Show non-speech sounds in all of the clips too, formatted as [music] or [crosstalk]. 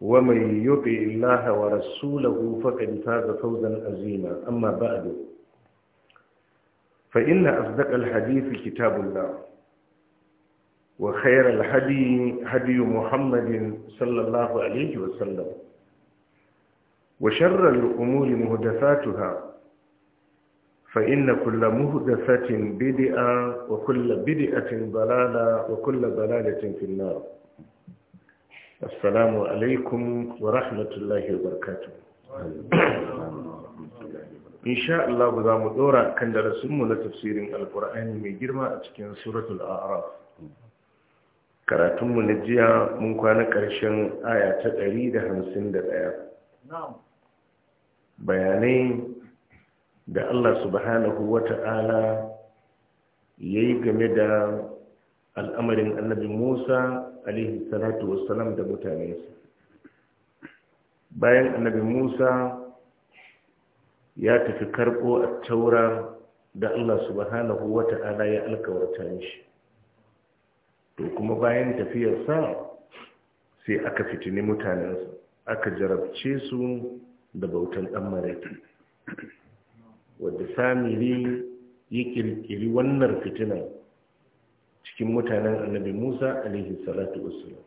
ومن يطع الله ورسوله فقد فاز فوزا عظيما أما بعد فإن أصدق الحديث كتاب الله وخير الهدي هدي محمد صلى الله عليه وسلم وشر الأمور مهدفاتها فإن كل مهدفة بدعه وكل بدئة ضلالة وكل ضلالة في النار assalamu alaikum wa rahmatullahi wa barakatuh insha Allah za mu dora kan darasinmu na tafsirin Alƙur'ani mai girma a cikin suratul a'raf karatunmu na jiya mun kwana ƙarshen aya ta ɗari da da hamsin ɗaya. bayanai da Allah subhanahu wata'ala ya yi game da al'amarin annabi Musa alaihi salatu wassalam da mutanensa bayan annabi musa ya tafi karɓo a taura da allah subhanahu ta'ala ya alkawarta shi to kuma bayan tafiyarsa sai aka fitini mutanensa aka jarabce su da bautan ɗan maraki wadda samiri ya ƙirƙiri wannan fitinan cikin mutanen annabi musa alaihi salatu wassalam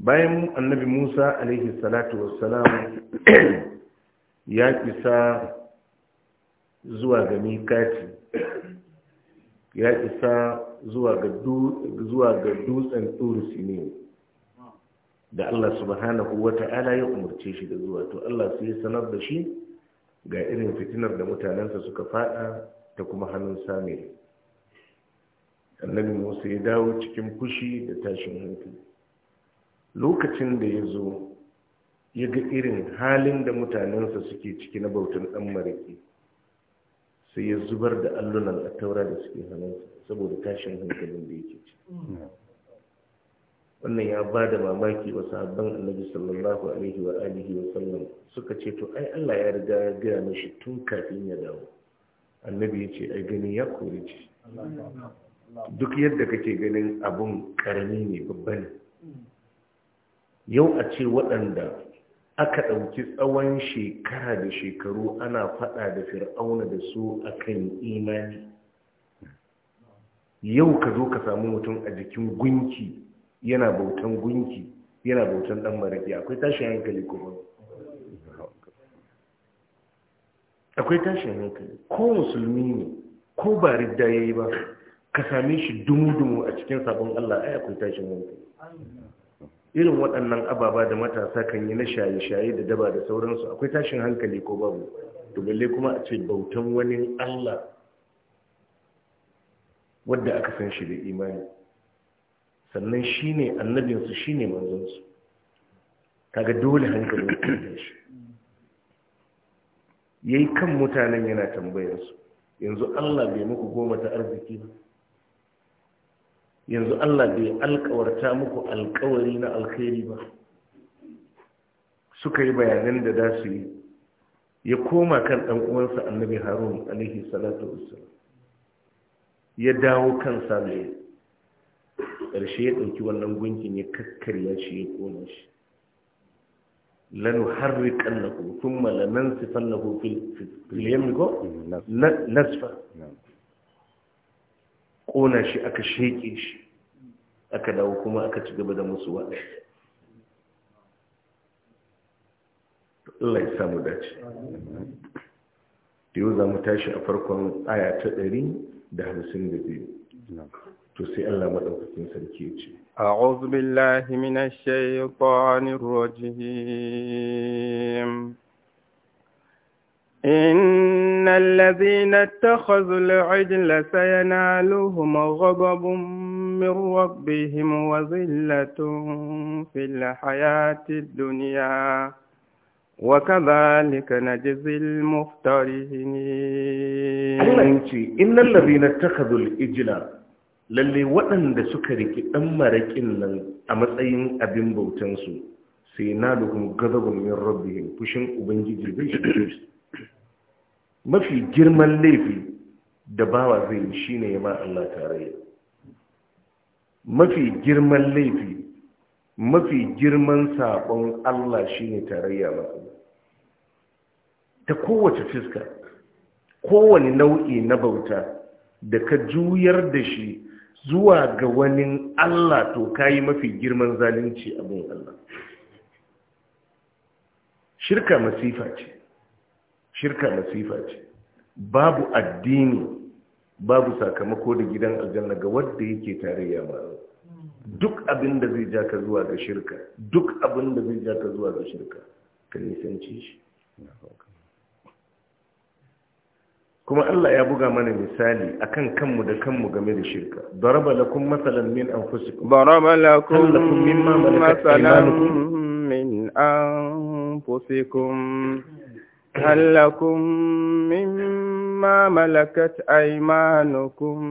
bayan annabi musa alaihi salatu wassalam ya isa zuwa ga mikati ya isa zuwa ga dutsen turusi ne da allah subhanahu wa ya umarce shi da zuwa to allah sai ya sanar da shi ga irin fitinar da mutanensa suka fada ta kuma hannun samiri annabi musa ya dawo cikin fushi da tashin hankali lokacin da ya zo ya ga irin halin da mutanensa suke ciki na bautan ɗan maraƙi sai ya zubar da allunan a taura da suke hannunsa saboda tashin hankalin da yake ci wannan ya ba da mamaki wa sabon annabi sallallahu alaihi wa alihi wa sallam suka ce to ai Allah ya riga ya gaya mashi tun kafin ya dawo annabi ya ce ai gani ya kori ce duk yadda kake ganin abun karami ne babba ne yau a ce waɗanda aka ɗauki tsawon shekara da shekaru ana faɗa da fir'auna da su akan imani yau ka zo ka samu mutum a jikin gunki yana bautan gunki yana bautan ɗan maraƙi akwai tashin hankali kuma akwai tashi hankali ko musulmi ne ko ba ridda ya yi ba ka same shi dumu-dumu a cikin sabon Allah ai akwai tashin hankali irin waɗannan ababa da matasa kan yi na shaye-shaye da daba da sauransu akwai tashin hankali ko babu to balle kuma a ce bautan wani Allah wadda aka san shi da imani sannan shi ne annabinsu shi ne manzansu kaga dole hankali kanta shi ya yi kan mutanen yana tambayarsu yanzu Allah bai muku goma ta arziki ba yanzu Allah bai alkawarta muku alkawari na alkhairi ba suka yi bayanan da za su yi ya koma kan ɗan uwansa annabi harun alaihi salatu wasu ya dawo kan mai ƙarshe ya ɗauki wannan gunkin ya kakkarya shi ya ƙona shi lanu harriƙan na hukun malaman su na hukun filiyan nasfa ƙona shi aka sheƙe shi aka dawo kuma aka ci gaba da musu waɗa Allah ya samu dace da yau za mu tashi a farkon aya ta ɗari da hamsin da biyu to sai Allah maɗaukakin sarki ya ce أعوذ بالله من الشيطان الرجيم إن الذين اتخذوا العجل سينالهم غضب من ربهم وذلة في الحياة الدنيا وكذلك نجزي المفترين الله ينشي إن الذين اتخذوا الإجل للي وأن سكرك أما ركنا أمسأين أبن بوتنسو سينالهم غضب من ربهم فشن أبنجي جلبيش mafi girman laifi da bawa zai yi shi ya ma Allah tarayya mafi girman laifi mafi girman sabon Allah shi shine tarayya masu ta kowace fiska kowane nau'i na bauta da ka juyar da shi zuwa ga wani Allah to kayi mafi girman zalunci abin Allah shirka masifa ce shirka masifa ce babu addini babu sakamako da gidan aljanna ga wanda yake tarayya ma duk abin da zai ja ka zuwa ga shirka duk abin da zai ja ka zuwa ga shirka ka nisanci shi kuma Allah ya buga mana misali akan kanmu da kanmu game da shirka daraba lakum masalan min anfusikum daraba lakum mimma min anfusikum هل لكم مما ملكت أيمانكم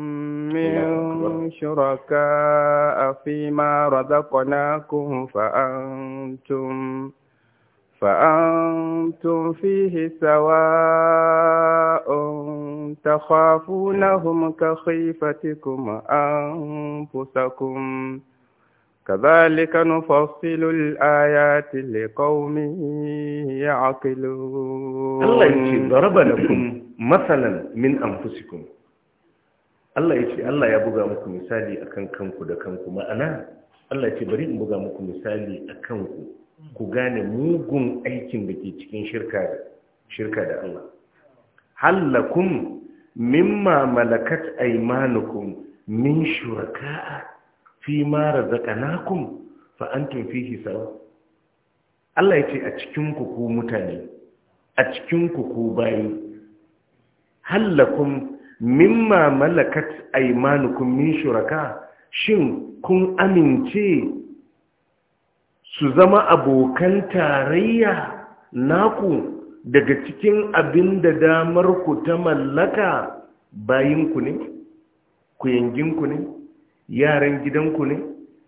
من شركاء فيما رزقناكم فأنتم فأنتم فيه سواء تخافونهم كخيفتكم أنفسكم ۖ كذلك نفصل الآيات لقوم يعقلون الله يجي ضرب لكم مثلا من أنفسكم Allah ya ce Allah ya buga muku misali akan kanku da kanku ma'ana Allah ya ce bari in buga muku misali a kanku ku gane mugun aikin da ke cikin shirka da Allah halakum mimma malakat aymanukum min shuraka'a fi ma razaqnakum fa antum fi sawa Allah ya ce a cikin ku mutane a cikin ku ku bayi hallakum mimma malakat aymanukum min shuraka shin kun amince su zama abokan tarayya naku daga cikin abin da damar ku ta mallaka bayinku ne ku yanginku ne yaran gidanku ne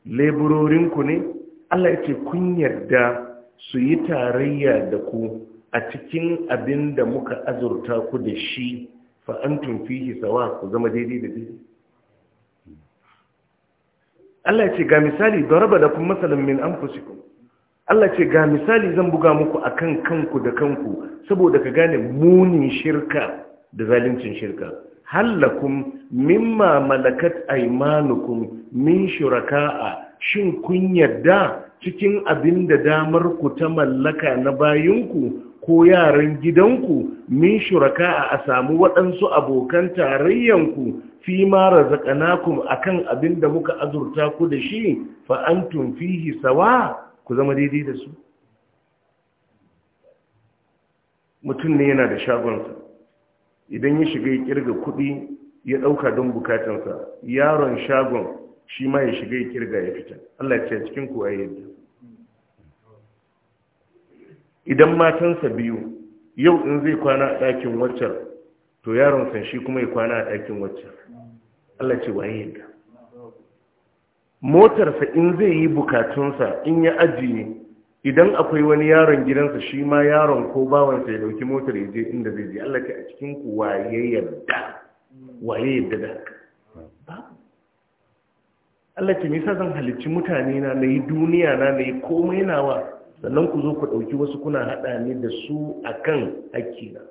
leburorinku ne Allah ya ce kun yarda su yi tarayya da ku a cikin abin da muka azurta ku da shi fa'antun fihi sawa ku zama daidai da daidai Allah ya ce ga misali don raba da kun matsalin min an Allah ce ga misali zan buga muku akan kanku da kanku saboda ka gane munin shirka da zalincin shirka hallakum mimma malakat aymanukum min shuraka'a shin kun yarda cikin abin da damar ku ta mallaka na bayinku ko yaran gidanku min shuraka'a a samu waɗansu abokan tarayyanku fi ma a kan abin da muka azurta ku da shi fa antum fihi sawa ku zama daidai da su mutum ne yana da shagonsa idan ya shiga ya kirga kuɗi ya ɗauka don bukatansa yaron shagon shi ma ya shiga ya kirga ya fita Allah ce cikin kuwa yadda idan matansa biyu yau in zai kwana a ɗakin waccan to yaron san shi kuma ya kwana a ɗakin waccan Allah ce waye yadda motarsa in zai yi bukatunsa in ya ajiye idan akwai wani yaron gidansa shi ma yaron ko bawansa ya dauki motar ya je inda zai je Allah ke a cikin ku waye yadda waye yadda da haka Allah ke nisa zan halicci mutane na na yi duniya na na yi komai nawa sannan ku zo ku ɗauki wasu kuna haɗa ne da su a kan haƙƙina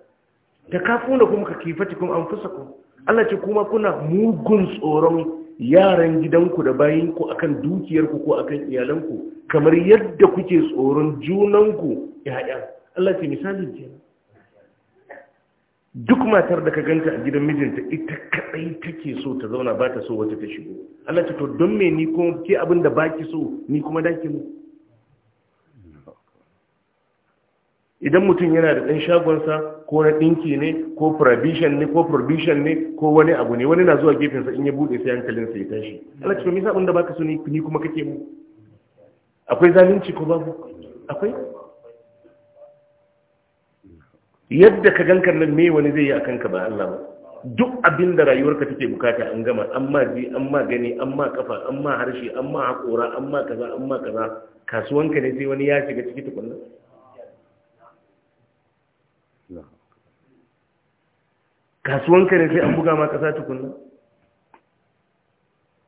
ta kafu da kuma ka kifati kuma an fusa ku Allah ce kuma kuna mugun tsoron yaran gidanku da bayinku akan dukiyarku ko akan iyalanku kamar yadda kuke tsoron junanku ya'ya Allah ce misalin ce duk matar da ka ganta a gidan mijinta ita kadai take so ta zauna ba ta so wata ta shigo Allah ce to don me ni kuma ke abinda baki so ni kuma daki mu idan mutum yana da ɗan shagonsa ko na ɗinki ne ko provision ne ko provision ne ko wani abu ne wani na zuwa gefensa in ya buɗe sai hankalinsa ya tashi Allah cikin nisa wanda baka so ni kuma kake mu akwai zalunci ko babu akwai yadda ka ganka nan me wani zai yi a kanka ba Allah ba duk abin da rayuwarka take bukata an gama an ma ji an ma gani an ma kafa an ma harshe an ma haƙora an ma kaza an ma kaza kasuwanka ne sai wani ya shiga ciki tukunna kasuwanka ne sai an buga ma kasa tukunna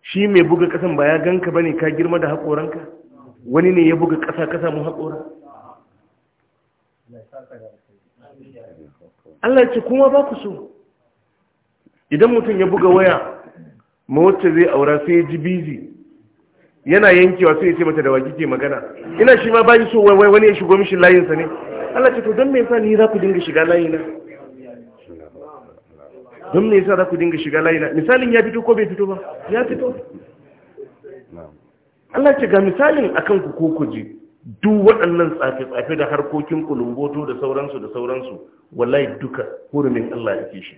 shi mai buga ƙasan ba ya ganka ba ne ka girma da haƙoranka wani ne ya buga ƙasa kasa mu haƙora Allah ce kuma ba ku so idan mutum ya buga waya ma wacce zai aura sai ya ji bizi yana yankewa sai ya ce mata da waki ke magana ina shi ma bayi so wai wani ya shigo mishi layinsa ne Allah ce to don me yasa ni za ku dinga shiga layina don ne yasa za ku dinga shiga layina, misalin ya fito ko bai fito ba ya fito Allah ce ga misalin akan ku ko ku ji duk waɗannan tsafe-tsafe da harkokin kulumboto da sauransu da sauransu wallahi duka hurumin Allah ke shi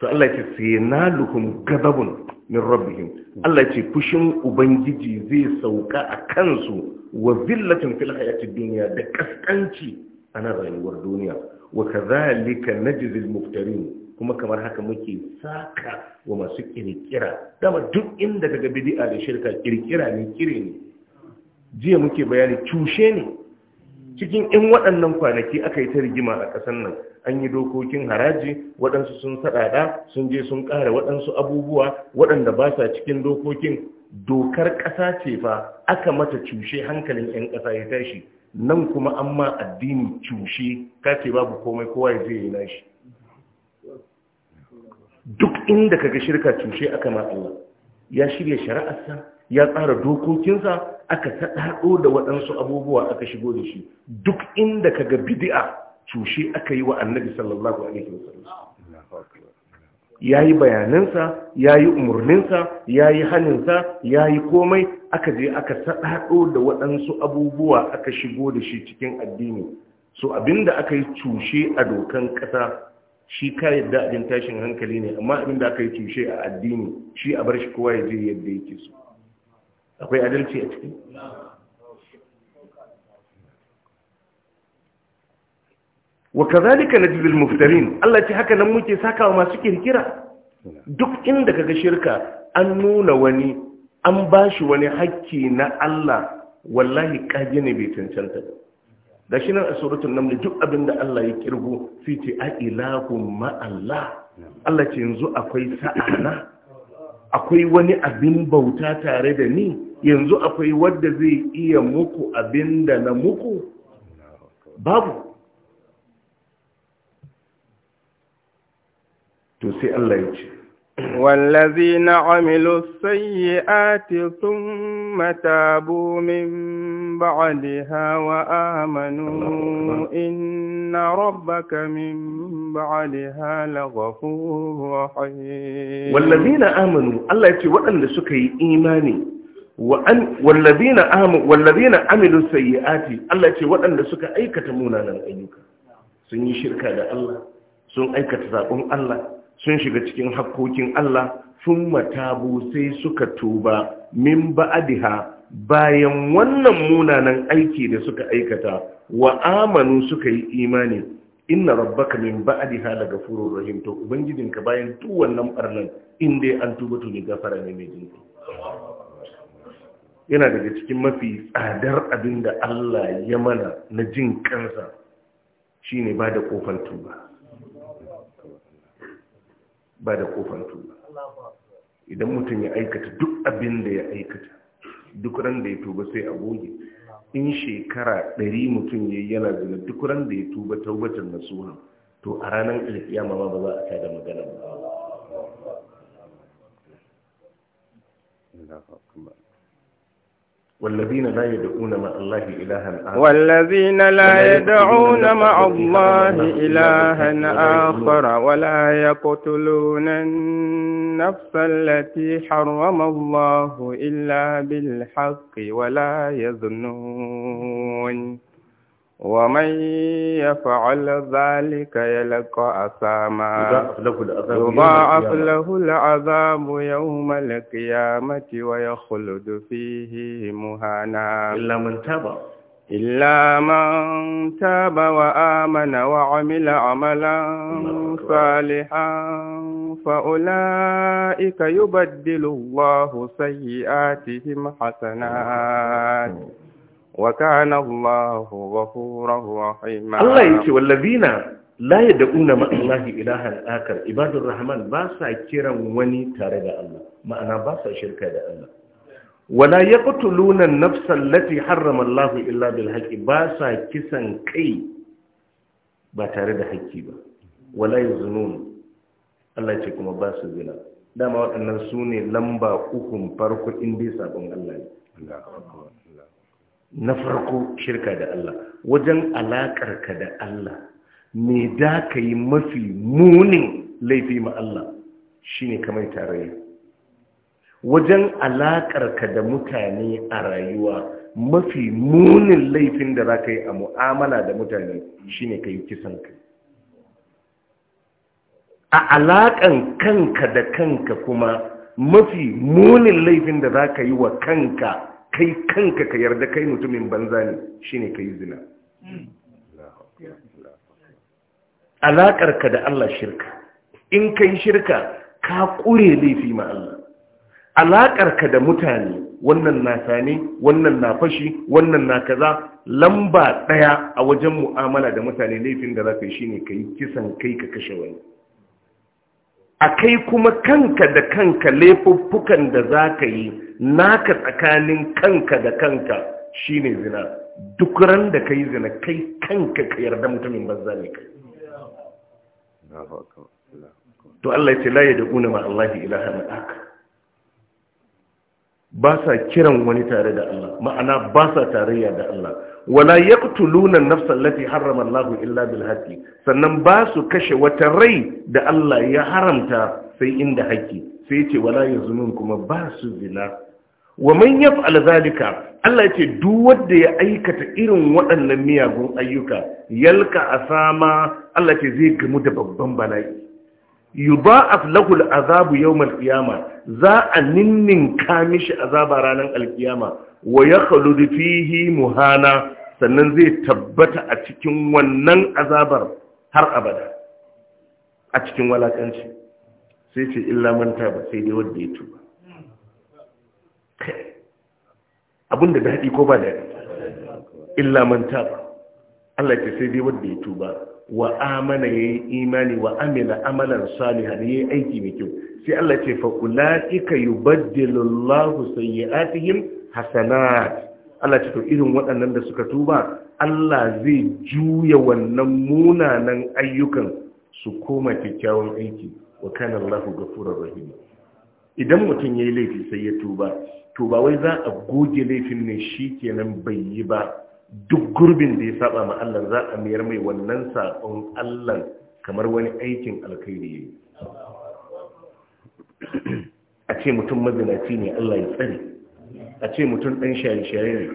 to Allah ce sai na luhum gababun min rabbihim Allah ce fushin ubangiji zai sauka a kansu wa zillatin fil hayatid dunya da kaskanci a nan rayuwar duniya wa kazalika najzil muftarin kuma kamar haka muke saka wa masu kirkira dama duk inda daga bid'a da shirka kirkira ne kire ne jiya muke bayani cushe ne cikin in waɗannan kwanaki aka yi ta rigima a ƙasar nan an yi dokokin haraji waɗansu sun saɗaɗa sun je sun ƙara waɗansu abubuwa waɗanda ba sa cikin dokokin dokar ƙasa ce fa aka mata cushe hankalin 'yan ƙasa ya tashi nan kuma an ma addini cushe kace babu komai kowa ya zai yi nashi duk inda kaga shirka cushe aka ma Allah ya shirya shari'arsa ya tsara dokokinsa aka taɗaɗo da waɗansu abubuwa aka shigo da shi duk inda kaga bid'a cushe aka yi wa annabi sallallahu alaihi wasallam ya yi bayanansa ya yi umarninsa ya yi haninsa ya yi komai aka je aka saɗaɗo da waɗansu abubuwa aka shigo da shi cikin addini so abinda aka yi cushe a dokan ƙasa shi ka yadda tashin hankali ne amma abinda aka yi cushe a addini shi a bar shi kowa ya je yadda yake so akwai adalci a cikin? wa kazalika najzil muftarin Allah ce haka nan muke saka wa masu kirkira duk inda kaga shirka an nuna wani an bashi wani hakki na Allah wallahi kaje ne bai cancanta ba gashi nan a suratul naml duk abinda Allah ya kirgo fi ce a ilahum ma Allah Allah ce yanzu akwai sa'ana akwai wani abin bauta tare da ni yanzu akwai wanda zai iya muku abinda na muku babu to sai Allah ya ce amilu sayi ati sun matabu min ba'adi hawa amanu inna rabbaka min ba'adi hala gwafu wahayi wallazi amanu Allah ce waɗanda suka yi imani wallazi na amilu sayi ati Allah ce waɗanda suka aikata munanan ayyuka sun yi shirka da Allah sun aikata zaɓen Allah sun shiga cikin hakkokin Allah sun matabu sai suka tuba min ba'adiha bayan wannan munanan aiki da suka aikata wa amanu suka yi imani inna rabbaka min la lagafurur rahim to ubangijinka bayan duk wannan barnan in dai an tuba to ne gafara ne mai jinki yana daga cikin mafi tsadar abinda Allah ya mana na jin kansa shine ba da kofar tuba ba da ƙofan tuba idan mutum ya aikata duk abin da ya aikata duk ran da ya tuba sai a goge in shekara ɗari mutum ya yana zina duk ran da ya tuba taubatar suna to a ranar ya ma ba za a tada magana ba والذين لا يدعون مع الله إلها آخر والذين لا يدعون مع الله إلها آخر ولا يقتلون النفس التي حرم الله إلا بالحق ولا يزنون ومن يفعل ذلك يلقى أثاما يضاعف له العذاب يوم القيامة ويخلد فيه مهانا إلا من تاب إلا من تاب وآمن وعمل عملا صالحا فأولئك يبدل الله سيئاتهم حسنات wa kana Allahu ghafurur rahima Allah yace wallazina la yad'una ma Allahi ilahan akar ibadur rahman ba sa kiran wani tare da Allah ma'ana ba shirka da Allah wala yaqtuluna an-nafsa allati harrama Allahu illa bil haqqi basa kisan kai ba tare da haƙƙi ba wala yaznun Allah ce kuma basu zina dama waɗannan su ne lamba ukun farko in dai sabon Allah na farko shirka da Allah wajen alaƙarka da Allah me da ka yi mafi munin laifi ma Allah shi ne kamar tarayya wajen alaƙarka da mutane a rayuwa mafi munin laifin da za ka yi a mu'amala da mutane shi ne ka yi kisan kai a alaƙan kanka da kanka kuma mafi munin laifin da za ka yi wa kanka kai kanka ka yarda kai mutumin banza ne shine kai zina alaƙarka da Allah shirka in kai shirka ka ƙure laifi ma Allah alaƙarka da mutane wannan na sani wannan na fashi wannan na kaza lamba ɗaya a wajen mu'amala da mutane laifin da za ka yi shi ne ka kisan kai ka kashe wani a kai kuma kanka da kanka laifuffukan da za ka yi naka tsakanin kanka da kanka shine zina duk ran da kai zina kai kanka ka yarda mutumin banza ne kai to Allah ya ce la yad'una ma Allah ma ak ba sa kiran wani tare da Allah ma'ana ba sa tarayya da Allah wala yaqtuluna an-nafsa allati harrama Allah illa bil haqqi sannan ba su kashe wata rai da Allah ya haramta sai inda haƙƙi sai ce wala yazunun kuma ba su zina wa man yaf'al zalika Allah yace duk wanda ya aikata irin waɗannan miyagun ayyuka yalka asama Allah yace zai gamu da babban bala'i yudha'af lahu al'azabu yawm al-qiyama za a ninnin ka mishi azaba ranar al-qiyama wa yakhlud fihi muhana sannan zai tabbata a cikin wannan azabar har abada a cikin walakanci sai ce illa manta ba sai dai wanda ya tuba abin da daɗi ko ba yi. illa manta ba Allah ke sai dai wanda ya tuba wa amana ya yi imani wa amila amalan ya yi aiki mai kyau sai Allah ce fa ulaika sai Allahu sayyi'atihim hasanat Allah ce to irin waɗannan da suka tuba Allah zai juya wannan munanan ayyukan su koma kyakkyawan aiki wa kana Allahu ghafurur rahim idan mutum ya yi laifi sai ya tuba to ba wai za a goge laifin ne shi kenan bai yi ba duk gurbin da ya saba ma Allah za a mayar mai wannan saƙon Allah kamar wani aikin alkhairi yi a ce mutum mazinaci ne Allah ya tsare a ce mutum ɗan shaye-shaye ne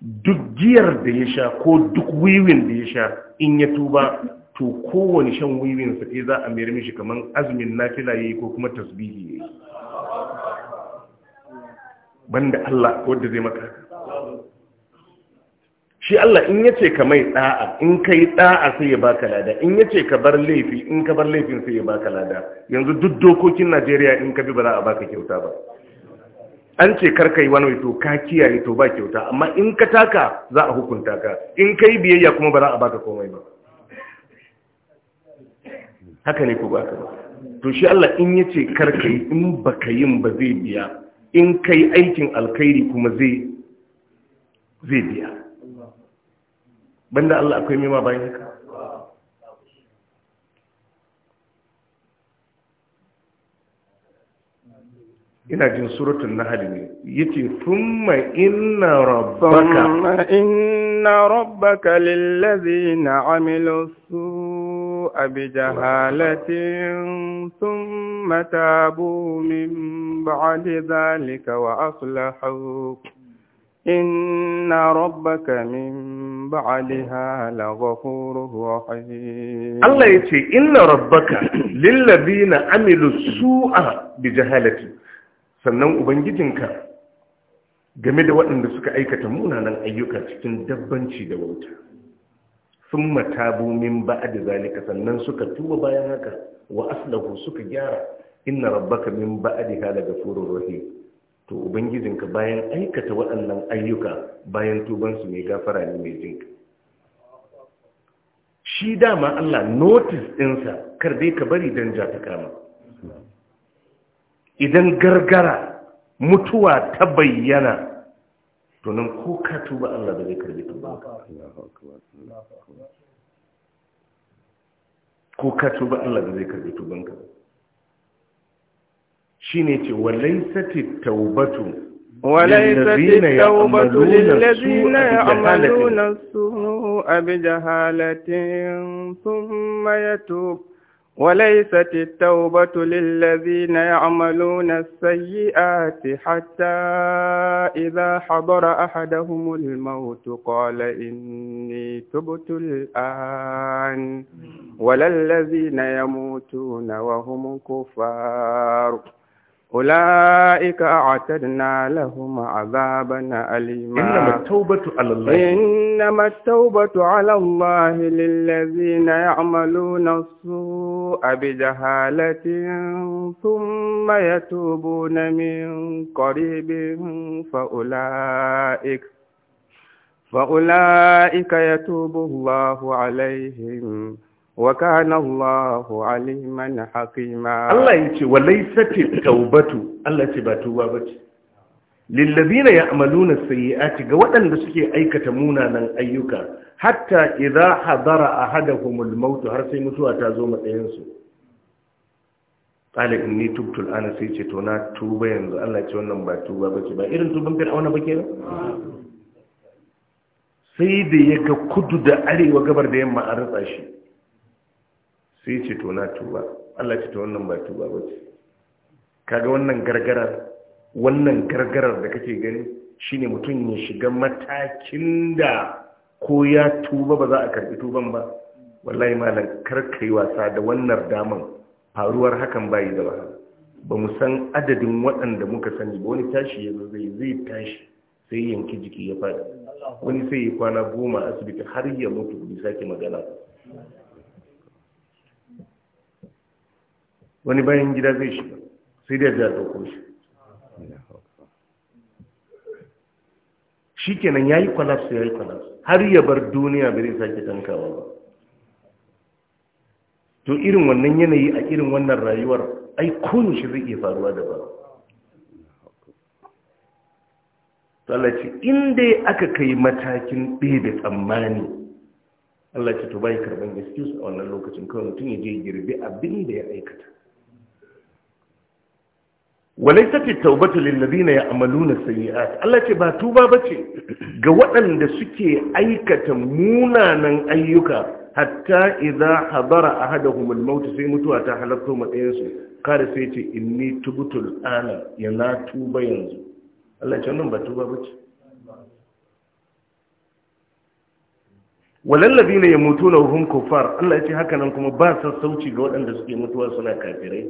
duk giyar da ya sha ko duk wiwin da ya sha in ya tuba to kowane shan wiwin sa za a mayar mishi kamar azumin nafila yi ko kuma tasbihi yayi banda Allah wanda zai maka shi Allah in yace ka mai da'a in kai da'a sai ya baka lada in yace ka bar laifi in ka bar laifin sai ya baka lada yanzu duk dokokin Najeriya in ka bi ba za a baka kyauta ba an ce kar kai wani to ka kiyaye to ba kyauta amma in ka taka za a hukunta ka in kai biyayya kuma ba za a baka komai ba haka ne ko ba ka ba to shi Allah in yace kar kai in baka yin ba zai biya in kai aikin alkhairi kuma zai zai biya banda Allah akwai mema bayan haka ina jin suratun nahal ne yace thumma inna rabbaka inna rabbaka lillazina amilus su abijahalatin sun mata bu min ba'adi zalika wa aflaha in na rabba ka min ba'adi hala ga kuro Allah ya ce in na rabba ka lillabi na amilu su a sannan Ubangijinka game da waɗanda suka aikata munanan ayyuka cikin dabbanci da wauta. sun matabu min ba'ad zalika sannan suka tuba bayan haka wa aslahu suka gyara inna rabbaka min daga furin rahim to ubangijinka bayan aikata waɗannan ayyuka bayan tubansu mai gafara ne mai jinka shi dama Allah notis ɗinsa kar dai ka bari don ja ta kama idan gargara mutuwa ta bayyana to nan ko ka tuba Allah da zai karbi tuba ko ka tuba Allah da zai karbi tubanka shine ce walaysati tawbatu walaysati tawbatu lillazina ya'maluna as-su'a bi jahalatin thumma yatubu وليست التوبة للذين يعملون السيئات حتى إذا حضر أحدهم الموت قال إني تبت الآن ولا الذين يموتون وهم كفار أولئك أعتدنا لهم عذابا أليما إنما التوبة على الله إنما التوبة على الله للذين يعملون السوء Ku abinda halartin sun maye tubunamin ƙwariɓin fa'ula'ika, fa'ula'ika, ya tuba Allah alayhin waƙan Allah alayhin mana haƙima. Allah yace: "Wa laye sati, Allah ce: Ba tuwa ba ce. Lillabiya ya amala sayi'ati ga waɗanda suke aikata munanan ayyuka. hatta idza hadara ahadakumul maut har sai mutuwa ta zo matsayin su qala inni tubtu al'ana sai ce to na tuba yanzu Allah ce wannan ba tuba bace ba irin tuban fir'auna ba ba? sai da ya ga kudu da arewa gabar da yamma an ratsa shi sai ce to na tuba Allah ce to wannan ba tuba bace kaga wannan gargarar wannan gargarar da kake gani shine mutum ya shiga matakin da ko ya tuba ba za a karbi tuban ba wallahi malam karkai wasa da wannan daman faruwar hakan bayi da ba ba mu san adadin waɗanda muka sani ba wani tashi ya zo zai zai tashi sai yanki jiki ya faɗi wani sai ya kwana goma asibiti har ya mutu bai sake magana wani bayan gida zai shiga sai da ya ɗauko shi shi kenan ya yi kwalafsu ya yi kwalafsu har ya bar duniya bai zai sake tankawa ba to irin wannan yanayi a irin wannan rayuwar ai kun shi zai faruwa da ba Allah ce inda aka kai matakin ɗaya tsammani Allah ce to bai karban excuse a wannan lokacin kawai mutum ya je girbi abin da ya aikata walaitati taubatu lillazina ya'maluna sayi'at Allah ce ba tuba bace ga waɗanda suke aikata munanan ayyuka hatta idza hadara ahaduhum hadahu maut sai mutuwa ta halatto matsayinsu, kada sai ce inni tubtu al-ana yana tuba yanzu Allah ce wannan ba tuba bace mutu yamutuna hum kuffar Allah ce haka nan kuma ba sassauci ga waɗanda suke mutuwa suna kafirai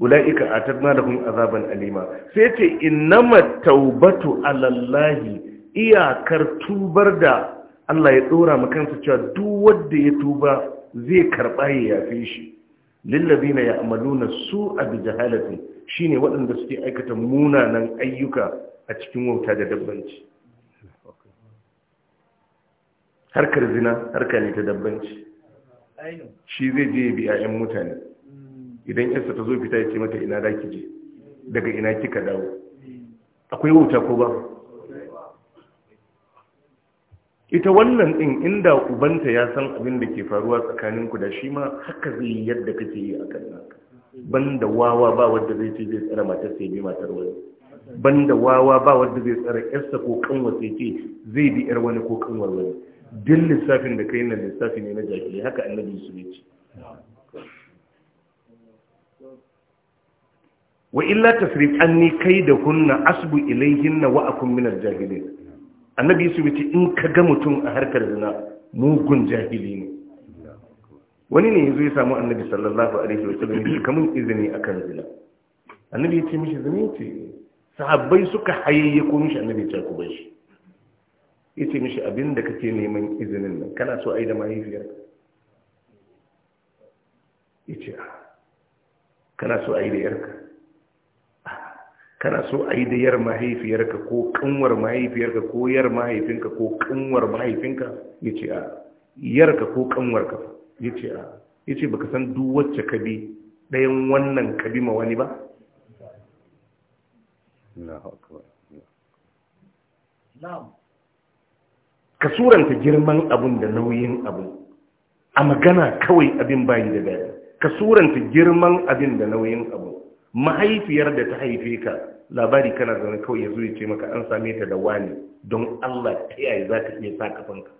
ula'ika atadna lahum azaban alima sai ce innamat taubatu alallahi iyakar tubar da Allah ya dora ma kansa cewa duk wanda ya tuba zai karba ya yafe shi lillazina ya'maluna su'a bi jahalati shine waɗanda suke aikata munanan ayyuka a cikin wauta da dabbanci harkar zina harka ne ta dabbanci shi zai je biya 'ya'yan mutane idan yarsa ta zo fita ya ce mata ina ki je daga ina kika dawo akwai wuta ko ba ita wannan din inda ubanta ya san abin da ke faruwa tsakaninku da shi ma haka zai yi yadda kake yi a kan naka banda wawa ba wanda zai ce zai tsara matar sai bi matar wani banda wawa ba wanda zai tsara yarsa ko kanwa sai ce zai bi yar wani ko kanwar wani duk lissafin da kai nan lissafi ne na jaki haka annabi su ne ce wa illa tasrif anni kai da kunna asbu ilaihinna wa akun min aljahilin jahilin annabi su yace in ka ga mutum a harkar zina mugun jahili ne wani ne yazo ya samu annabi sallallahu alaihi wasallam yace kamun izini akan zina annabi yace mishi zina yace sahabbai suka hayayye ko mishi annabi ya ce ku yace mishi abinda kake neman izinin nan kana so ai da mahaifiyar yace kana so ai da yarka kana so a yi da yar mahaifiyarka ko kanwar mahaifiyarka ko yar mahaifinka ko kanwar mahaifinka ya ce a yarka ko kanwarka ya ce a ya ce ka san duk wacce ka bi ɗayan wannan ka bi ma wani ba ka suranta girman abun da nauyin abu. a magana kawai abin bayi da daya ka suranta girman abin da nauyin abu. mahaifiyar da ta haife ka labari kana zama kawai ya zo ya ce maka an same ta da wani don Allah ta yaya za ka iya sa kafanka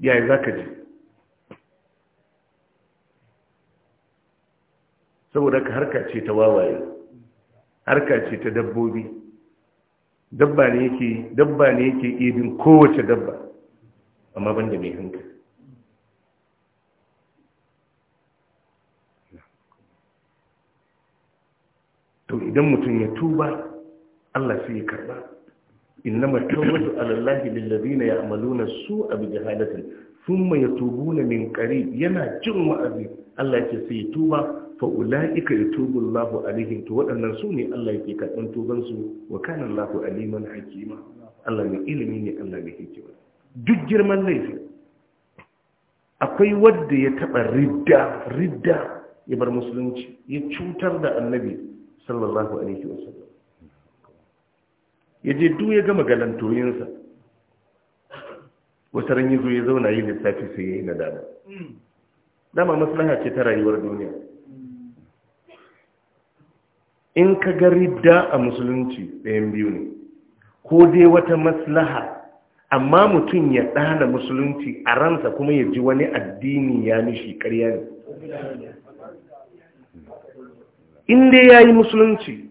yaya za ka ji saboda ka harka ce ta wawaye harka ce ta dabbobi dabba ne yake dabba ne yake idin kowace dabba amma banda mai hankali to idan mutum ya tuba Allah sai ya karba innama tawbatu ala llahi lil ladina ya'maluna su'a bi jahalatin thumma yatubuna min qarib yana jin wa'azi Allah ya ce sai tuba fa ulaika yatubu Allahu alaihim to waɗannan su ne Allah yake karɓan tuban su wa kana Allahu aliman hakima Allah ne ilimi ne Allah ne hikima duk girman laifi akwai wanda ya taɓa ridda ridda ya bar musulunci ya cutar da annabi sallallahu alaihi wasallam ya je duk ya gama galantoyinsa Wasu ran ya zo ya zauna yi lissafi sai ya yi nadama hmm. dama maslaha ce ta rayuwar duniya in ka ga ridda a musulunci ɗayan biyu ne ko dai wata maslaha amma mutum ya ɗana musulunci a ransa kuma ya ji wani addini ya nishi ƙarya ne inda ya yi musulunci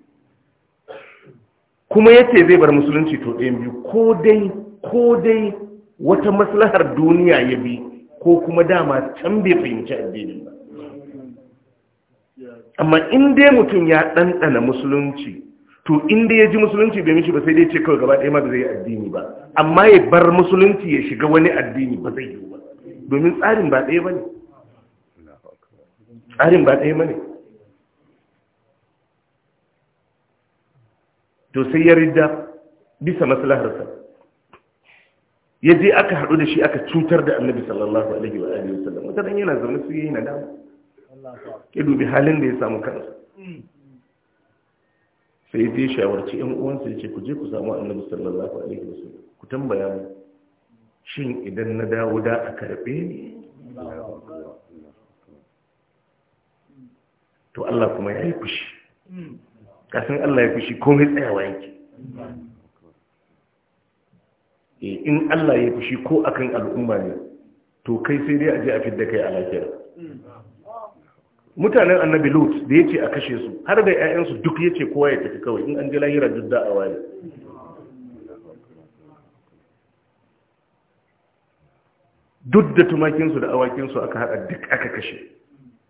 kuma ya zai bar musulunci to ɗayan biyu ko dai ko dai wata maslahar duniya ya bi ko kuma dama can bai fahimci addinin ba amma in dai mutum ya ɗanɗana musulunci to in dai ya ji musulunci bai mishi ba sai dai ce kawai gaba ɗaya ma ba zai yi addini ba amma ya bar musulunci ya shiga wani addini ba zai yi ba domin tsarin ba ɗaya ba ne tsarin ba ɗaya ba ne to sai ya rida bisa maslaharsa ya je aka haɗu da shi aka cutar da annabi sallallahu alaihi wa alihi Wata mutanen yana zama su yi dama. ya dubi halin da ya samu kansa sai ya shawarci ‘yan uwansa ya ce ku je ku samu annabi sallallahu alaihi wasu ku tambaya mu shin idan na dawo da a karbe ne. to Allah kuma ya yi fushi kasan Allah ya fushi komai tsayawa yake eh, in Allah ya fushi ko akan al'umma ne to kai sai dai a je a fidda kai a lafiya mutanen annabi lut da ya ce a kashe su har da 'ya'yansu duk ya ce kowa ya tafi kawai in an ji lahira duk da'awa ne duk da tumakinsu da awakinsu aka haɗa duk aka kashe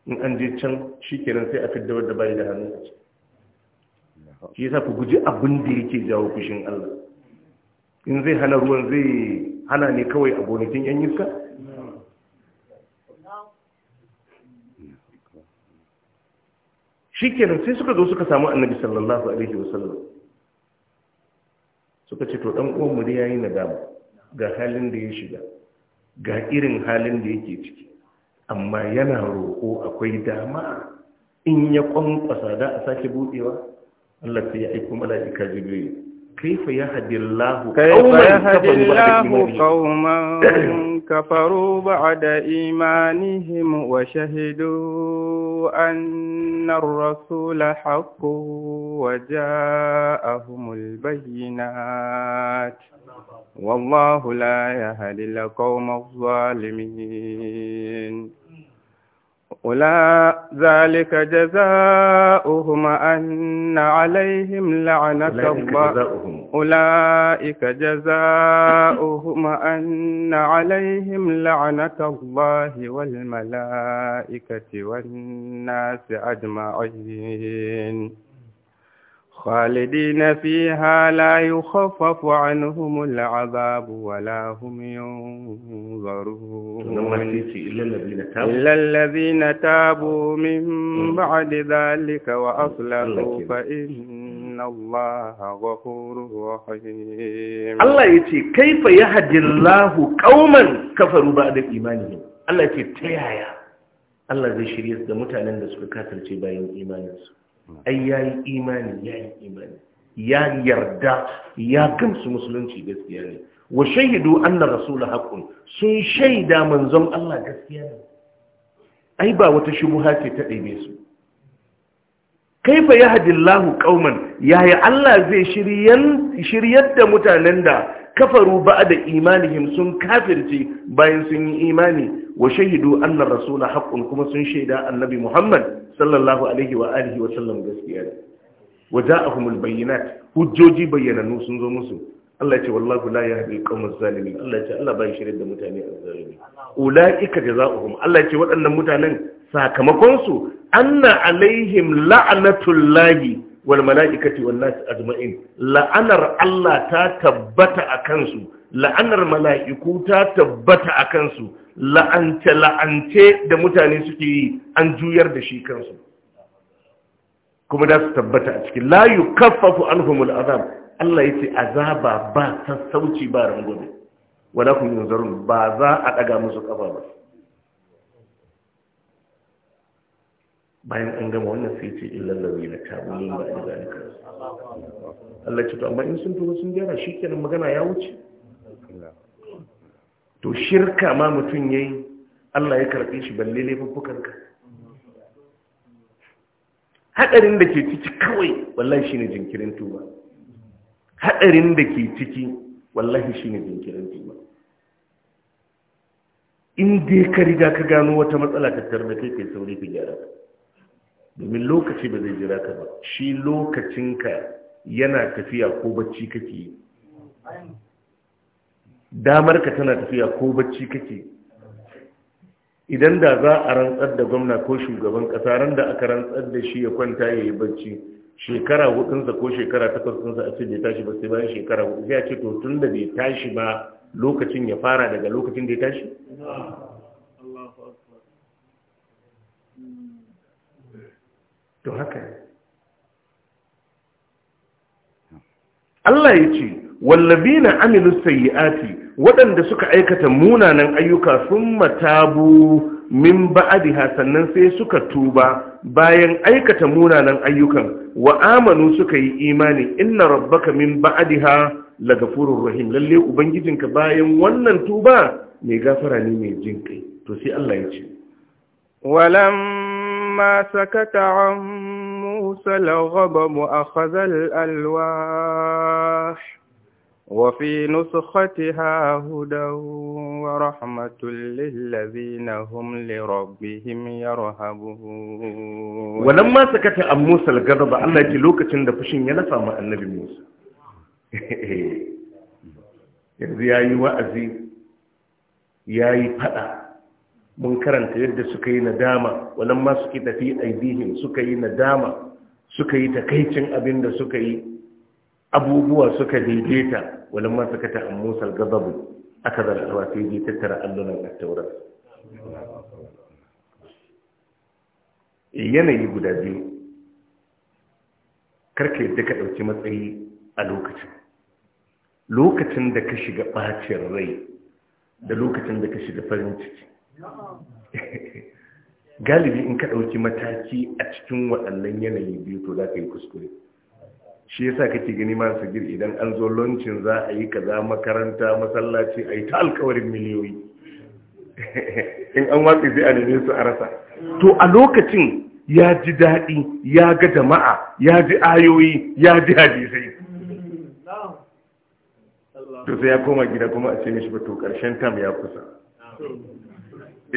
in an je can shi kenan sai a fidda wadda bayi da hannun Ya shi yasa ku guji abin da yake jawo fushin Allah in zai hana ruwan zai hana ne kawai a gonakin yan iska shikenan sai suka zo suka samu annabi sallallahu alaihi wasallam suka ce to dan uwan mu dai yayi nadama ga halin da ya shiga ga irin halin da yake ciki amma yana roƙo akwai dama in ya kwankwasa da a sake buɗewa Allah sai ya aiko mala'ika jibril كيف يهدي الله كيف يهدي الله قوما كفروا بعد إيمانهم وشهدوا أن الرسول حق وجاءهم البينات والله لا يهدي القوم الظالمين Ula zalika jaza’uhum anna alaihim la’anata Allah wal mala’ikati wal nasi ajma’ayin. خالدين فيها لا يخفف عنهم العذاب ولا هم ينظرون إلا الذين تابوا من بعد ذلك وأصلحوا فإن الله غفور رحيم الله يتي كيف يهدي الله قوما كفروا بعد إيمانهم الله يتي تيايا الله زي شريط ده متعلن ده سكاكر تيباين إيمانهم ai ya yi imani ya yi imani ya yarda ya gamsu musulunci gaskiya ne wa shahidu anna rasulun haƙun sun shaida manzon Allah gaskiya ne ai ba wata shubuha ce ta ɗaibe su kaifa ya hadillahu ƙauman yaya Allah zai shiryar da mutanen da kafaru da imanihim sun kafirce bayan sun yi imani wa shahidu anna rasula haqqun kuma sun shaida annabi Muhammad sallallahu alaihi wa alihi wa sallam gaskiya ne wa ja'ahumul bayyinat hujjoji bayyananu sun zo musu Allah ce wallahu la ya al-qawmaz zalimin Allah ce Allah bai shirin da mutane a azzalimi ulaika jazaohum Allah ce waɗannan mutanen sakamakon su anna alaihim la'natullahi wal mala'ikati wan nas ajma'in la'anar Allah ta tabbata a kansu la'anar mala'iku ta tabbata a kansu la'ance la'ance da mutane suke yi an juyar da shi kansu kuma da su tabbata a cikin la yukaffafu anhumul azab Allah yace azaba ba sassauci ba rangwame wala kun yanzarun ba za a ɗaga musu ƙafa ba bayan an gama wannan sai ce illal ladina tabu min ba'da zalika Allah ce to amma in sun tuba sun gyara shikenan magana ya wuce to shirka ma mutun yayi Allah ya karbe shi balle laifuffukan ka hadarin da ke ciki kawai wallahi shine jinkirin tuba hadarin da ke ciki wallahi shine jinkirin tuba in dai ka riga ka gano wata matsala ta da kai kai saurayi ka gyara ta domin lokaci ba zai jira ka ba shi lokacinka yana tafiya ko bacci kake yi damar ka tana tafiya ko bacci kake idan da za a rantsar da gwamna ko shugaban kasa ran da aka rantsar da shi ya kwanta yayi yi bacci shekara hudunsa ko shekara takwasunsa a ce bai tashi ba sai bayan shekara hudu ya ce to tun da bai tashi ba lokacin ya fara daga lokacin da ya tashi to haka Allah ya ce wallabi na aminu sayi'ati waɗanda suka aikata munanan ayyuka sun matabu min ba'adiha sannan sai suka tuba bayan aikata munanan ayyukan wa amanu suka yi imani inna rabbaka min ba'adiha furin rahim lalle ubangijinka bayan wannan tuba mai gafara ne mai jin kai to sai Allah ya ce walam لما سكت عن موسى الغضب أخذ الألواح وفي نسختها هدى ورحمة للذين هم لربهم يرهبون ولما سكت عن موسى الغضب الله يجي لوكacin da ينفع مع النبي موسى [laughs] يا Musa yanzu يا wa'azi yayi mun karanta yadda suka yi nadama walan ma suke tafi aidihin suka yi nadama suka yi takaicin abin da suka yi abubuwa suka daidaita walan ma suka ta ammusal gazabu aka zartawa sai ji tattara allunan attaura yanayi guda biyu karka yadda ka ɗauki matsayi a lokacin lokacin da ka shiga bacin rai da lokacin da ka shiga farin ciki [laughs] galibi in ka ɗauki mataki a cikin waɗannan yanayi biyu to za ka yi kuskure shi yasa kake gani ma gir idan an zo loncin za a yi kaza makaranta masallaci a yi ta alkawarin miliyoyi [laughs] in an watsi zai a neme su a rasa to a lokacin ya ji daɗi ya ga jama'a ya ji ayoyi ya ji hadisai to sai ya koma gida kuma a ce mishi ba to ƙarshen tam ya kusa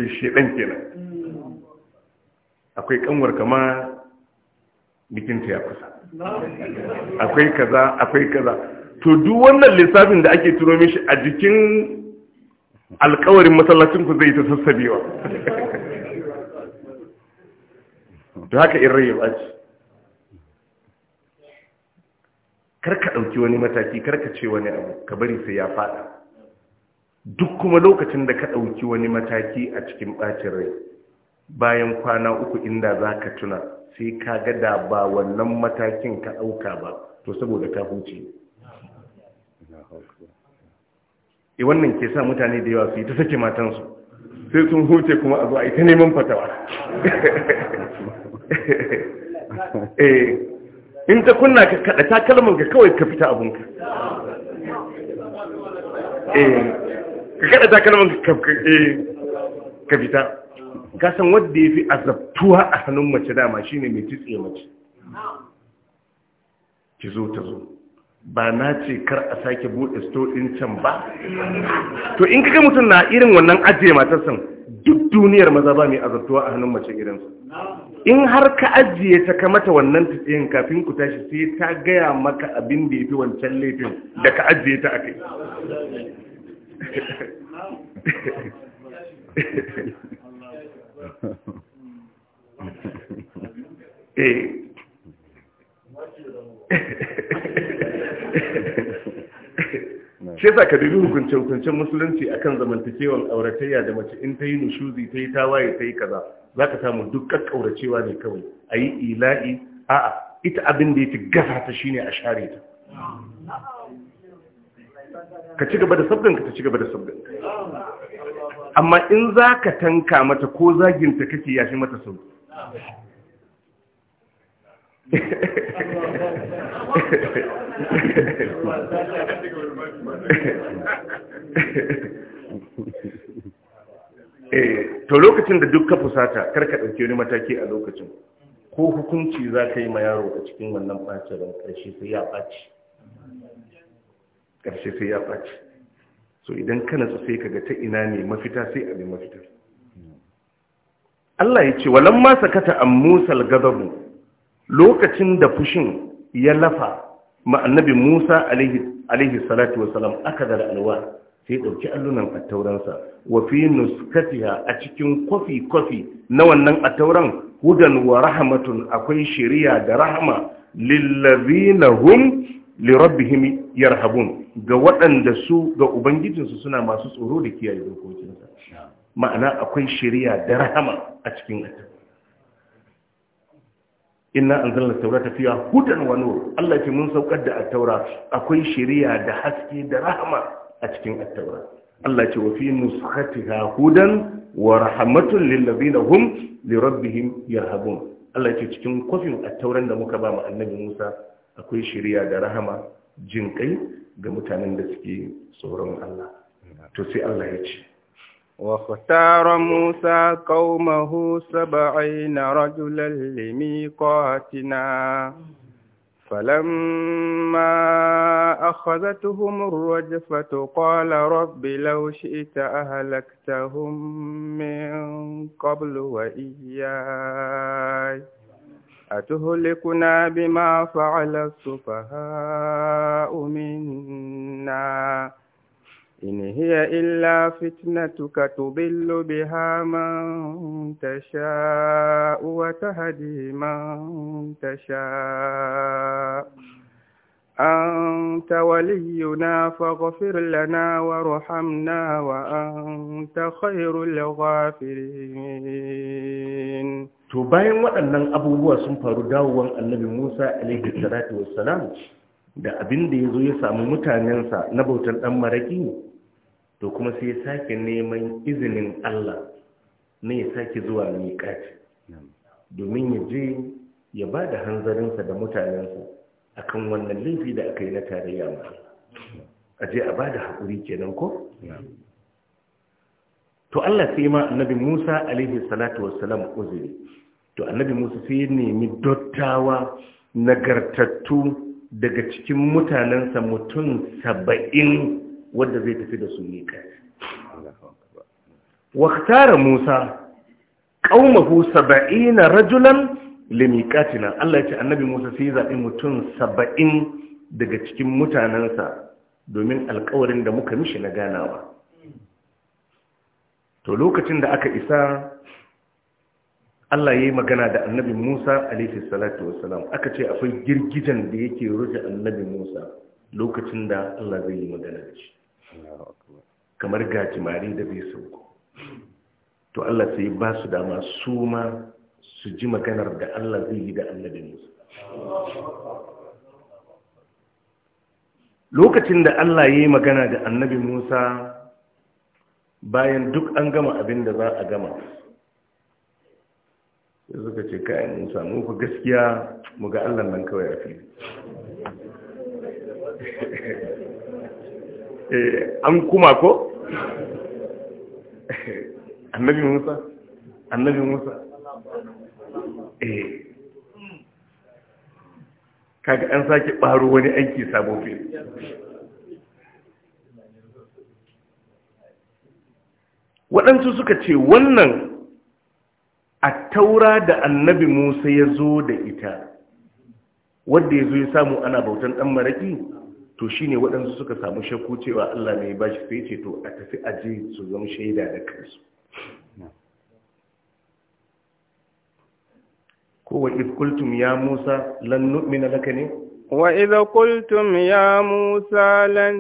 shedan kenan akwai kanwar kama bikinta ya kusa akwai kaza akwai kaza to duk wannan lissafin da ake turo mishi a jikin alkawarin masallacin ku zai ta sassabewa to haka in rayu ba ce karka ɗauki wani mataki karka ce wani abu ka bari sai ya fada duk kuma lokacin da ka ɗauki wani mataki a cikin ɓacin rai bayan kwana uku inda za ka tuna sai ka gada ba wannan matakin ka ɗauka ba to saboda ka huce e wannan ke sa mutane da yawa su yi ta sake matansu sai sun huce kuma a zuwa ita neman fatawa [laughs] eh, in ta kunna ka kaɗa takalmanka kawai ka fita abinka eh. ka kada takalman eh, ka fita ka san wanda ya fi azabtuwa a hannun mace dama shi ne mai titse mace ki zo ta zo ba na ce kar a sake buɗe sto ɗin can ba to in kaga mutum na irin wannan ajiye matarsan duk duniyar maza ba mai azabtuwa a hannun mace irinsa in har ka ajiye ta ka mata wannan tsayin kafin ku tashi sai ta gaya maka abin da ya fi wancan laifin da ka ajiye ta a kai Eh. shi sa ka dubi hukunce-hukuncen musulunci akan zamantakewan auratayya da mace in ta yi nushuzi ta yi tawaye ta yi kaza za ka samu dukkan kauracewa ne kawai a yi ila'i a'a ita abin da ya ci gasa ta shine a share ta ka ci gaba da sabganka ta ci gaba da sabganka amma in za ka tanka mata ko zaginta kake yashi mata sau eh, to lokacin da duk ka fusata karka ɗauke wani mataki a lokacin ko hukunci za ka yi ma yaro a cikin wannan ɓacin ƙarshe sai ya ɓaci ƙarshe sai ya ɓaci so idan kana su sai kaga ta ina ne mafita sai abin mafitar Allah ya ce walan ma sakata an musal gazabu lokacin da fushin ya lafa ma Musa alaihi salatu wasalam aka da alwa sai ɗauki allunan attauransa wa fi nuskatiha a cikin kwafi kwafi na wannan attauran hudan wa rahmatun akwai shari'a da rahama lillazina hum rabbihim yarhabun ga waɗanda su ga ubangijinsu suna masu tsoro da kiyaye dokokinsa ma'ana akwai shari'a da rahama a cikin ta inna anzalna tawrata fiha hudan wa nur Allah ce mun saukar da at akwai shari'a da haske da rahama a cikin at-taura Allah ce wa fi nuskhatiha hudan wa rahmatun lil ladina hum li rabbihim yarhabun Allah ce cikin kofin at da muka ba mu annabi Musa akwai shari'a da rahama jin kai ga mutanen da suke tsoron Allah. To sai Allah ya ce. Wa fatara Musa kaumahu saba'ai na rajulan limi فلما أخذتهم الرجفة قال رب لو شئت أهلكتهم من قبل وإياي أتهلكنا بما فعل السفهاء منا إن هي إلا فتنتك تضل بها من تشاء وتهدي من تشاء أنت ولينا فاغفر لنا وارحمنا وأنت خير الغافرين to bayan waɗannan abubuwa sun faru dawowan annabi Musa alaihi salatu wassalam da abin da zo ya samu mutanensa na bautan ɗan maraƙi, to kuma sai ya sake neman izinin Allah ne ya sake zuwa miƙati domin ya je ya ba da hanzarinsa da mutanensa akan wannan laifi da aka yi na tarayya ma a je a bada hakuri kenan ko to Allah sai ma annabi Musa alaihi salatu wassalam uzuri to annabi Musa sai nemi dottawa nagartattu daga cikin mutanensa mutum saba'in wanda zai tafi da su ne kai Musa qaumahu saba'ina rajulan limiqatina Allah ya ce annabi Musa sai ya zabi mutum saba'in daga cikin mutanensa domin alƙawarin da muka mishi na ganawa to lokacin da aka isa Allah ya yi magana da annabi Musa alaihi salatu wassalam aka ce akwai girgijen da yake rufe annabi Musa lokacin da Allah zai yi magana da shi kamar gajimari da bai sauko to Allah sai ba su dama su ma su ji maganar da Allah zai yi da annabin Musa. lokacin da Allah ya yi magana da annabi Musa bayan duk an gama abin da za a gama Ya zuka ce kayan Musa mu ku gaskiya mu ga Allah nan kawai a fili [laughs] eh, an kuma ko [laughs] annabi Musa annabi Musa eh kaga an sake ɓaro wani aiki sabo fil waɗansu suka ce wannan a taura da annabi musa ya zo da ita wadda ya zo ya samu ana bautan ɗan maraƙi to shi ne waɗansu suka samu shakku cewa allah ne ba shi sai ce to a tafi aje su zama shaida da kansu ko wa ifkultum ya musa lan nu'mina laka ne wa idza qultum ya musa lan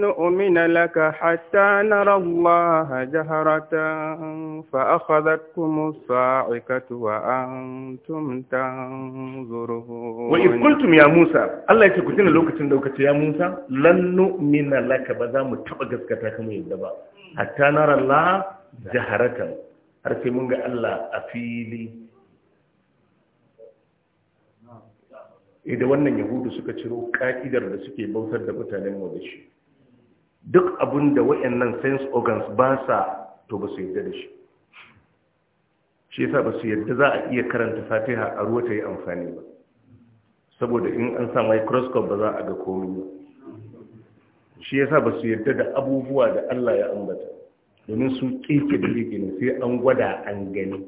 nu'mina laka hatta nara allah jahratan fa akhadhatkum as-sa'ikatu wa antum tanzurun wa idza qultum ya musa Allah ya ce ku lokacin da kuka ya musa lan nu'mina laka ba za mu taba gaskata kamar yadda ba hatta nara allah jahratan har sai mun ga Allah a fili Eh, da wannan yahudu suka ciro ƙa'idar da suke bautar da mutanen mu da shi duk abin da wayannan sense organs ba sa to ba su yarda da shi shi yasa ba su yadda za a iya karanta fatiha a ruwa ta yi amfani ba saboda in an sa microscope ba za a ga komai ba shi yasa ba su yadda da abubuwa da Allah ya ambata domin su kike da kike ne sai an gwada an gani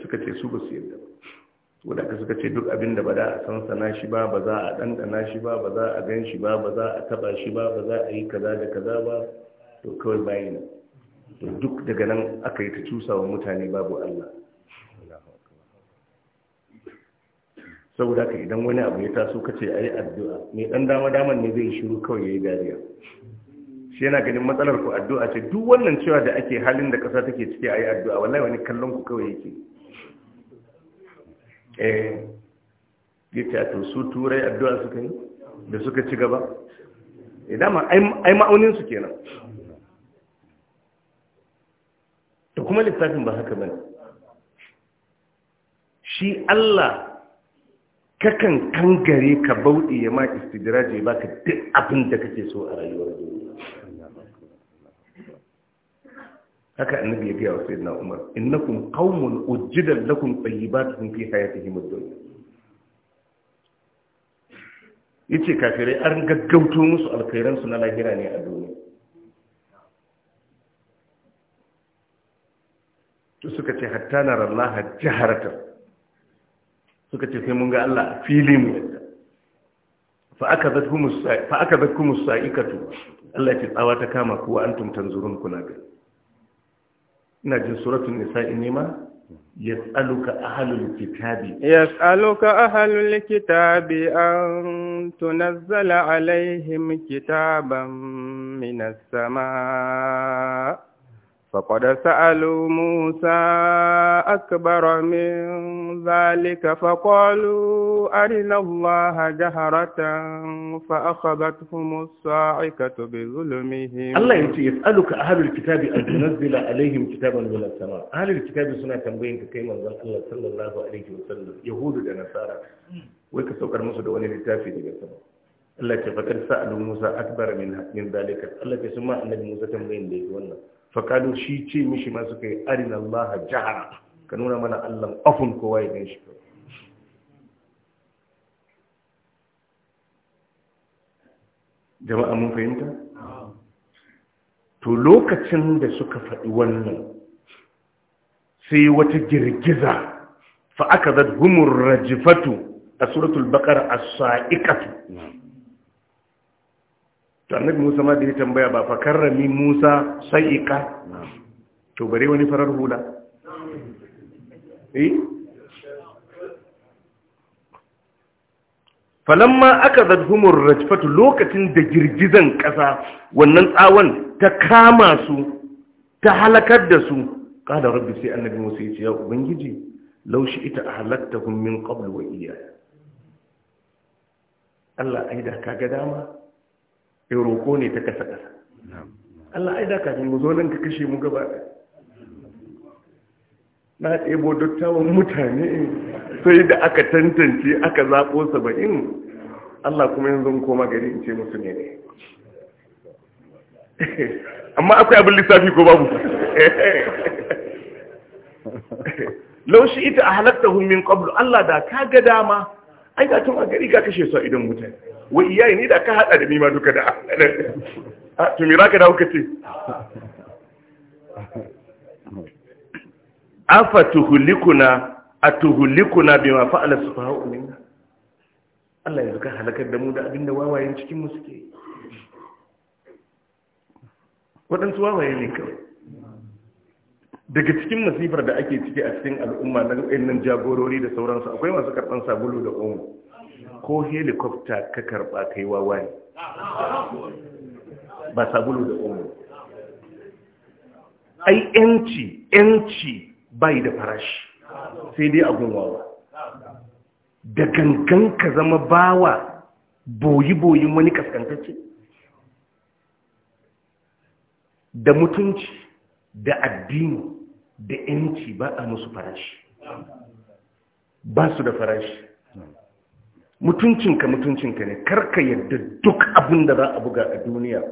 suka ce su ba su yadda ba wadanda suka ce duk abin da ba za a san sana shi ba ba za a ɗanɗana shi ba ba za a gan shi ba ba za a taba shi ba ba za a yi kaza da kaza ba to kawai bayi to duk daga nan aka yi ta cusawa mutane babu Allah saboda haka idan wani abu ya taso kace yi addu'a mai dan dama daman ne zai shiru kawai yayi dariya shi yana ganin matsalar ku addu'a ce duk wannan cewa da ake halin da ƙasa take ciki a yi addu'a wallahi wani kallon ku kawai yake Eh, gita su turai addu'a suka yi da suka ci gaba idan eh, ai ma'aunin su kenan to kuma littafin ba haka bane shi Allah kakan kangare ka bauɗi ya ma istidraje baka duk abin da kake so a rayuwar duniya haka annabi ya gaya wa sayyidina umar innakum qaumun ujjidat lakum tayyibatukum fi hayatihim ad-dunya yace kafirai an gaggauto musu alkhairan su na lahira ne a duniya to suka ce hatta narallaha jaharatan suka ce sai mun ga Allah fili mu yadda fa akabatkum as-sa'ikatu Allah ya ce tsawa ta kama ku antum tanzurun kuna gani ina jin suratun nisa'i ne ma a halin kitabi a halin kitabi an tunazzala alaihim kitaban minas sama. فقد سألوا موسى أكبر من ذلك فقالوا أرنا الله جهرة فأخذتهم الصاعقة بظلمهم الله ينتي يسألك أهل الكتاب أن تنزل عليهم كتابا من السماء أهل الكتاب سنة تنبين كيما الله صلى الله عليه وسلم يهود ونصارى ويكسوك المسود وني لتافي دي السماء الله يتفكر سألوا موسى أكبر من ذلك الله يسمى أن موسى تنبين دي والله faƙalu shi ce mishi masu kai arin Allah jahara ka nuna mana Allah ofin kowa ya ganshi jama'a mun fahimta? to lokacin da suka faɗi wannan sai wata girgiza fa aka zad rajifatu a suratul baƙar a saiqatu to annabi musa ma da ya tambaya ba fa karrami musa saiqa to bare wani farar hula eh falamma akadathumur rajfatu lokacin da girgizan kasa wannan tsawon ta kama su ta halakar da su kada rabbi sai annabi musa ya ce ya ubangiji laushi ita halatta min qabl wa iya. Allah aida kaga dama ya roƙo ne ta kasa kasa Allah ai da kafin mu zo nan ka kashe mu gaba na ɗebo dattawan mutane sai da aka tantance aka zaɓo saba'in Allah kuma yanzu koma gari in ce musu ne amma akwai abin lissafi ko babu laushi ita a halatta min qablu Allah da ka ga dama ai da tun a gari ka kashe su a idan mutane wa iyayi ni da ka hada da nima duka da tumira ka da hukace ce afa tuhulikuna a tuhulikuna bai ma fa'ala su fa'a'u minna Allah ya zuka halakar da mu da abinda wawayen cikin mu suke waɗansu wawaye ne kawai daga cikin masifar da ake ciki a cikin al'umma na nan jagorori da sauransu akwai masu karɓar sabulu da omo ko helicopter ka karba kai wawa ne ba sabulu da umu ai yanci yanci bai da farashi sai dai agun wawa da gangan ka zama bawa boyi-boyin wani kaskantacce da mutunci da addini da yanci ba a musu farashi ba su da farashi mutuncinka mutuncinka ne karka yadda duk abin da za a buga a duniya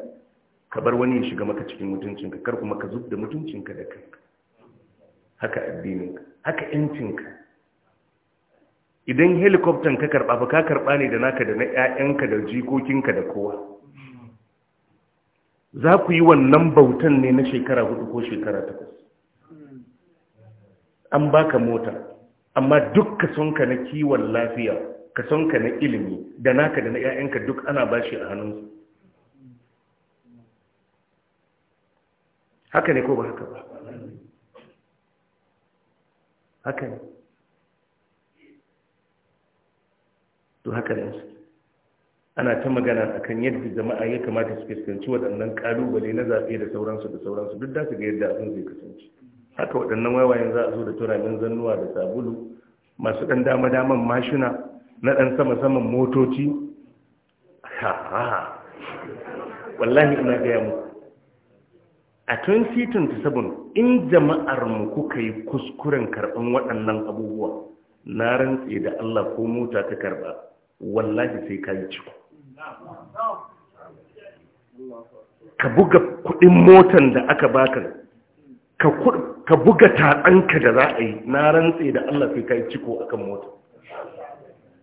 ka bar wani ya shiga maka cikin mutuncinka kar kuma ka zub da mutuncinka da kanka haka addininka haka yancinka idan helikoftan ka karba ba ka karba ne da naka da na 'ya'yanka da jikokinka da kowa za ku yi wannan bautan ne na shekara hudu ko shekara takwas an baka mota amma duk ka na kiwon lafiya Ka ka na ilimi da naka da na 'ya'yanka duk ana bashi a hannunsu haka ne ko ba haka ba haka ne to haka ne su ana ta magana kan yadda jama'a ya kamata su fuskanci waɗannan ƙalubale na zaɓe da sauransu da sauransu duk da su ga yadda abin zai kasance haka waɗannan wawayen za a zo da turamin zannuwa da sabulu masu ɗan dama-daman mashina na ɗan sama-saman motoci ha wallahi ina gaya mu a 2027 in jama'armu kuka yi kuskuren karɓan waɗannan abubuwa na rantse da Allah ko mota ta karɓa wallahi sai ka yi ciko ka buga kuɗin motan da aka baka ka buga taɗanka da za a yi na rantse da Allah sai ka yi ciko akan mota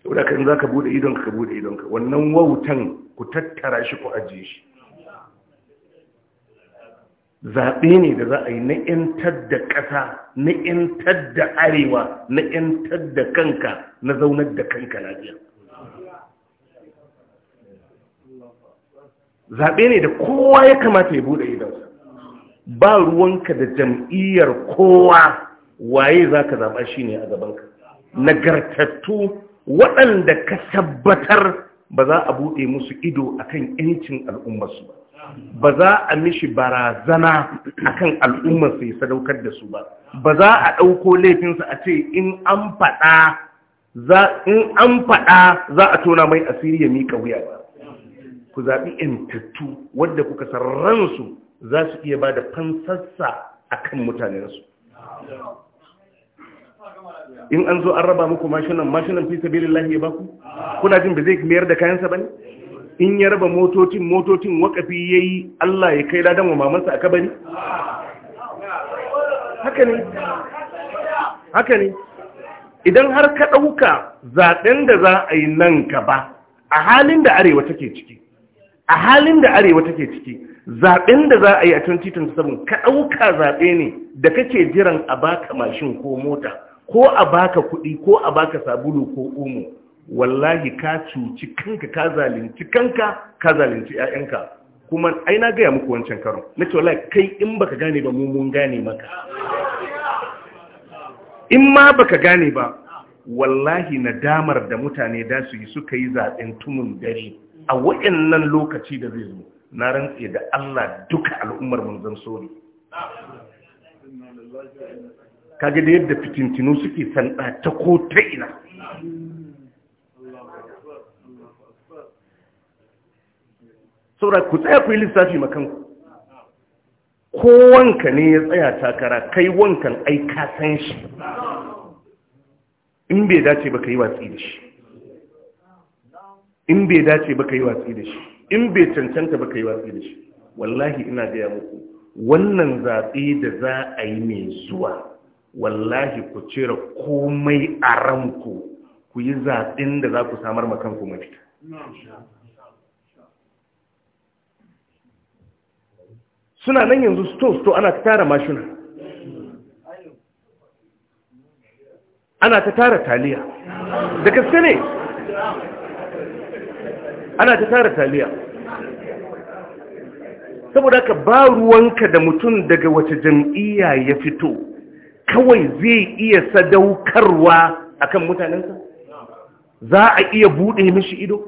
saboda kan za ka bude idonka ka bude idonka wannan wautan ku tattara shi ku ajiye shi zaɓe ne da za a yi na ƴantar da ƙasa na ƴantar da arewa na ƴantar da kanka na zaunar da kanka lafiya zaɓe ne da kowa ya kamata ya buɗe idansa ba ruwanka da jam'iyyar kowa waye za ka zaɓa shi ne a gabanka nagartattu waɗanda ka tabbatar ba za a buɗe musu ido akan yancin al'ummarsu ba ba za a mishi barazana akan al'ummarsu ya sadaukar da su ba ba za a ɗauko laifinsu a ce in an faɗa za a tona mai asiri ya miƙa wuya ba ku zaɓi ‘yantattu wadda kuka san ransu za su iya ba da fansassa a kan mutanensu in an zo an raba muku mashinan mashinan fi sabilillahi ya baku kuna jin ba zai mayar da kayansa bane in ya raba motocin motocin wakafi yayi Allah ya kai ladan wa mamansa a kabari haka ne haka ne idan har ka ɗauka zaben da za a yi nan gaba a halin da arewa take ciki a halin da arewa take ciki zaben da za a yi a 2027 ka ɗauka zabe ne da kake jiran a baka mashin ko mota ko a baka kuɗi ko a baka sabulu ko omo wallahi ka cuci kanka ka zalunci kanka ka zalunci ƴaƴanka kuma ai na gaya muku wancan karon nace wallahi kai in baka gane ba mu mun gane maka in ma baka gane ba wallahi nadamar da mutane da su yi suka yi zaɓen tumun dare a waɗannan lokaci da zai zo na rantse da Allah duka al'ummar mun zan so kage da yadda fitintinu suke sanda ta ko ta ina saboda ku tsaya ku yi lissafi makanku ko wanka ne ya tsaya takara kai wankan ai ka san shi in bai dace ba ka yi watsi da shi in bai dace ba ka yi watsi da shi in bai cancanta ba ka yi watsi da shi wallahi ina gaya muku wannan zaɓe da za a yi mai zuwa wallahi ku cire komai a ranku ku yi zaɓin da za ku samar makanku mafita suna nan yanzu sto-sto ana ta tara mashina ana ta tara taliya da kaske ne ana ta tara taliya saboda ka ba ruwanka da mutum daga wace jam'iyya ya fito kawai zai iya sadaukarwa akan mutanensa za a iya buɗe mishi ido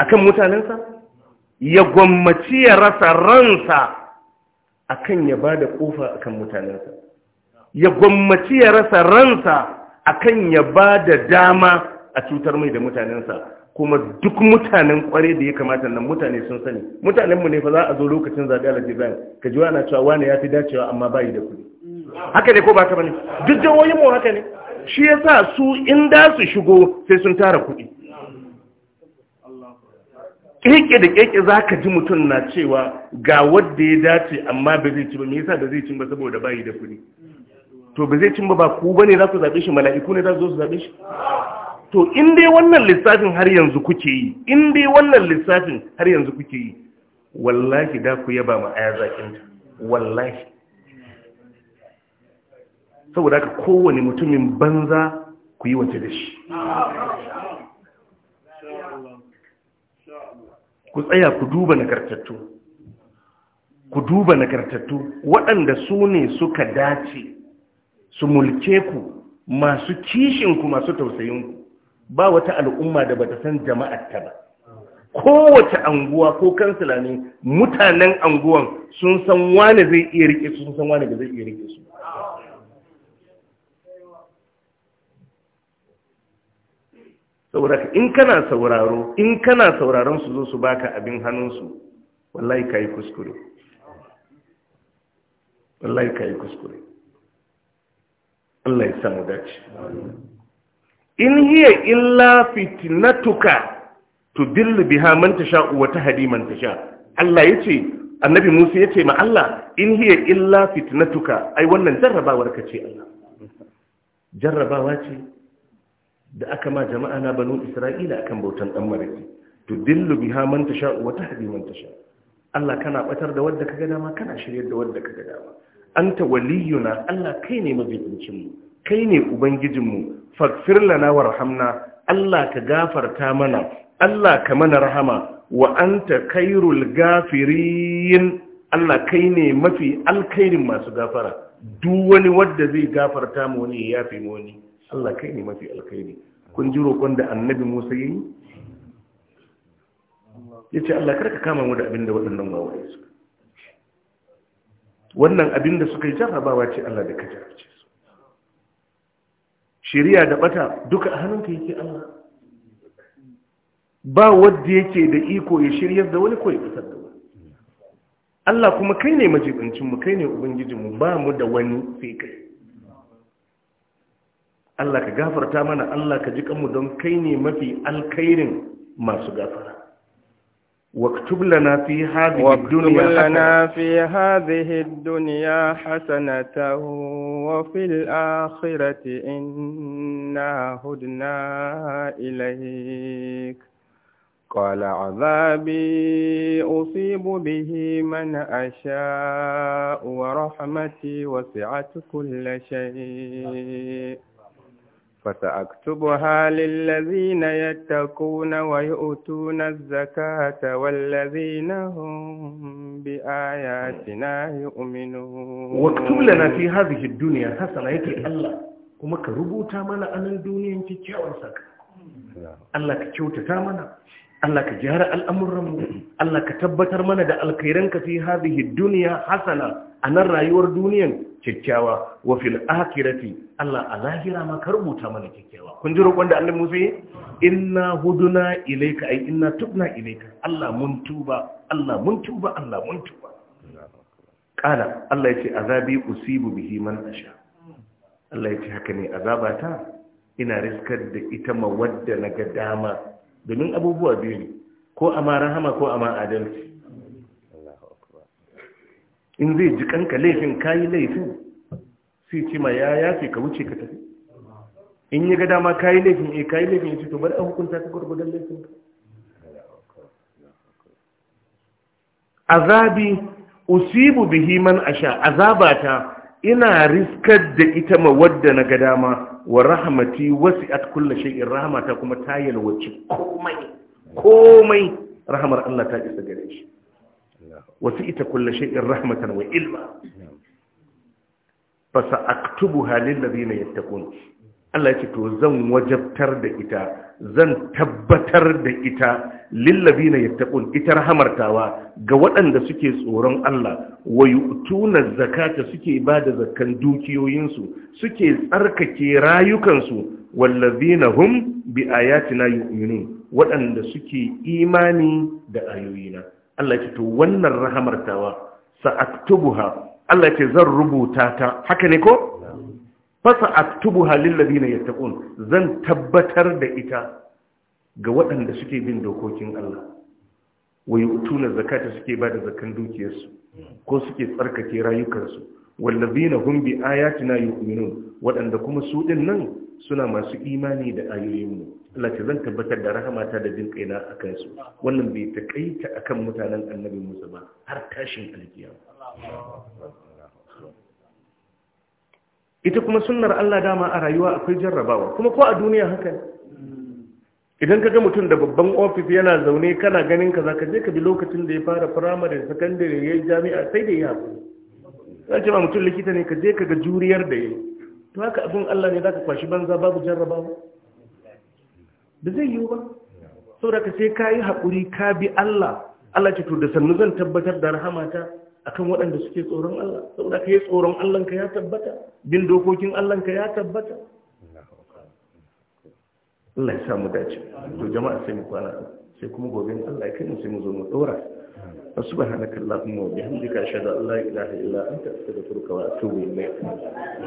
akan mutanensa ya gwammaci ya rasa ransa akan ya ba da ƙofa akan mutanensa ya gwammaci ya rasa ransa akan ya ba da dama a cutar mai da mutanensa kuma duk mutanen kware da ya kamata nan mutane sun sani mutanenmu ne fa za a zo lokacin zaɓe a bayan ka ji wani cewa wani ya fi dacewa amma bayi da kuɗi haka ne ko ba ka bane duk jawoyin mu haka ne shi yasa su in da su shigo sai sun tara kuɗi keke da keke za ka ji mutum na cewa ga wadda ya dace amma ba zai ci ba me yasa ba zai ci ba saboda bayi da kuɗi to ba zai ci ba ba ku bane za ku zaɓe shi mala'iku ne za su zo su zaɓe shi to in dai wannan lissafin har yanzu kuke yi in dai wannan lissafin har yanzu kuke yi wallahi da ku yaba ma aya zakinta wallahi saboda haka kowane mutumin banza ku yi wace da shi ku tsaya ku duba kartattu ku duba kartattu waɗanda su ne suka dace su mulke ku masu kishinku masu tausayinku ba wata al'umma da bata san jama'ar ta ba kowace anguwa ko kansila ne mutanen anguwan sun san wane zai iya rike su sun san wane zai iya rike su saboda in kana sauraro in kana sauraron su zo su baka abin hannunsu wallahi kai kuskure wallahi kai kuskure Allah ya samu dace in hiya illa fitnatuka dillu biha man tasha'u wa tahdi man tasha Allah yace annabi Musa yace ma Allah in hiya illa fitnatuka ai wannan jarrabawar ka ce Allah jarrabawa ce da aka ma jama'a na banu Isra'ila akan bautan dan To dillu biha man tasha'u wa tahdi man tasha Allah kana batar da wanda kaga dama kana shiryar da wanda kaga dama anta waliyuna Allah kai ne majibincin mu kai ne ubangijinmu faghfir lana warhamna Allah ka gafarta mana Allah ka mana rahama wa anta khairul gafirin Allah kai ne mafi alkhairin masu gafara duk wani wanda zai gafarta mu ne ya fi mu ne Allah kai ne mafi alkhairi kun ji roƙon da annabi Musa Ya yace Allah karka kama mu da abin da waɗannan wawaye suka wannan abin da suka yi jarrabawa ce Allah da ka jarrace shiriya da bata duka hannunka yake Allah ba wadda yake da iko ya shirya da wani ko ya fitar da wani Allah kuma kai ne majibincinmu kai ne ubangijinmu ba mu da wani sai kai Allah ka gafarta mana Allah ka ji kanmu don kai ne mafi alkairin masu gafara واكتب لنا في هذه الدنيا لنا في هذه الدنيا حسنة وفي الآخرة إنا هدنا إليك قال عذابي أصيب به من أشاء ورحمتي وسعت كل شيء Fasa a katubu halin lazina ya takuna wayo tunan zakata, wala zan zan biya ya ci na yi umminu. Waƙtu min lana ta hazi dukiya ta sanaye ta yi Allah, kuma ka rubuta mana anan duniya ina cikewar Allah ka ce mana. Allah ka gyara al'amuranmu Allah ka tabbatar mana da alkhairanka fi hadhihi duniya hasana a nan rayuwar duniyan kyakkyawa wa fil akhirati Allah a lahira ma ka rubuta mana kyakkyawa kun ji roƙon da Allah Musa yi inna huduna ilayka ay inna tubna ilayka Allah mun tuba Allah mun tuba Allah mun tuba kala Allah yace azabi usibu bihi man asha Allah yace haka ne azabata ina riskar da ita mawadda ga dama domin abubuwa biyu ne ko a ma rahama ko a ma adalci in zai ji kanka laifin kayi laifin sai ce ma ya yafe ka wuce ka tafi in yi ga dama kayi laifin eh, ka kayi laifin ya ce to bari a hukunta ka gurgudan laifin ka azabi usibu bihi man asha azabata ina riskar da ita ma wadda na ga dama wa rahmati wasi'at kulli shay'in rahmata kuma ta yalwaci komai komai rahmar Allah ta isa gare shi ita kulli shay'in rahmatan wa ilma fa zai lil ladina yattaqun Allah yake to zan wajabtar da ita zan tabbatar da ita lillabi na yattaqun ita rahamartawa ga waɗanda suke tsoron Allah wa tuna zakata suke ba da zakan dukiyoyinsu suke tsarkake rayukansu na hum bi ayatina yu'minun waɗanda suke imani da ayoyina Allah ce to wannan rahamartawa sa'aktubuha Allah ya ce zan rubuta ta haka ne ko fasa aktubu halin labina ya taƙun zan tabbatar da ita ga waɗanda suke bin dokokin Allah wai tunar zakata suke ba da zakan dukiyarsu ko suke tsarkake rayukansu wallabina ya bi yi yu'minun waɗanda kuma su ɗin nan suna masu imani da ayoyinmu Allah ce zan tabbatar da rahamata da jin kaina a kansu wannan bai taƙaita akan mutanen annabi Musa ba har tashin alkiyama ita kuma sunnar Allah dama a rayuwa akwai jarrabawa kuma ko a duniya haka ne idan ka ga mutum da babban ofis yana zaune kana ganin ka zaka je ka bi lokacin da ya fara firamare sakandare ya yi jami'a sai da ya haku zan ce ma mutum likita ne ka je ka ga juriyar da ya to haka abin Allah ne zaka kwashi banza babu jarrabawa ba zai yiwu ba saboda ka sai ka yi haƙuri ka bi Allah Allah ce to da sannu zan tabbatar da rahama ta. akan waɗanda suke tsoron Allah saboda kai tsoron Allah ka ya tabbata bin dokokin Allah ka ya tabbata Allah ya samu dace to jama'a sai mu kwana sai kuma gobe Allah ya kai mu sai mu zo mu dora subhanakallahumma wa bihamdika ashhadu an la ilaha illa anta astaghfiruka wa atubu ilayk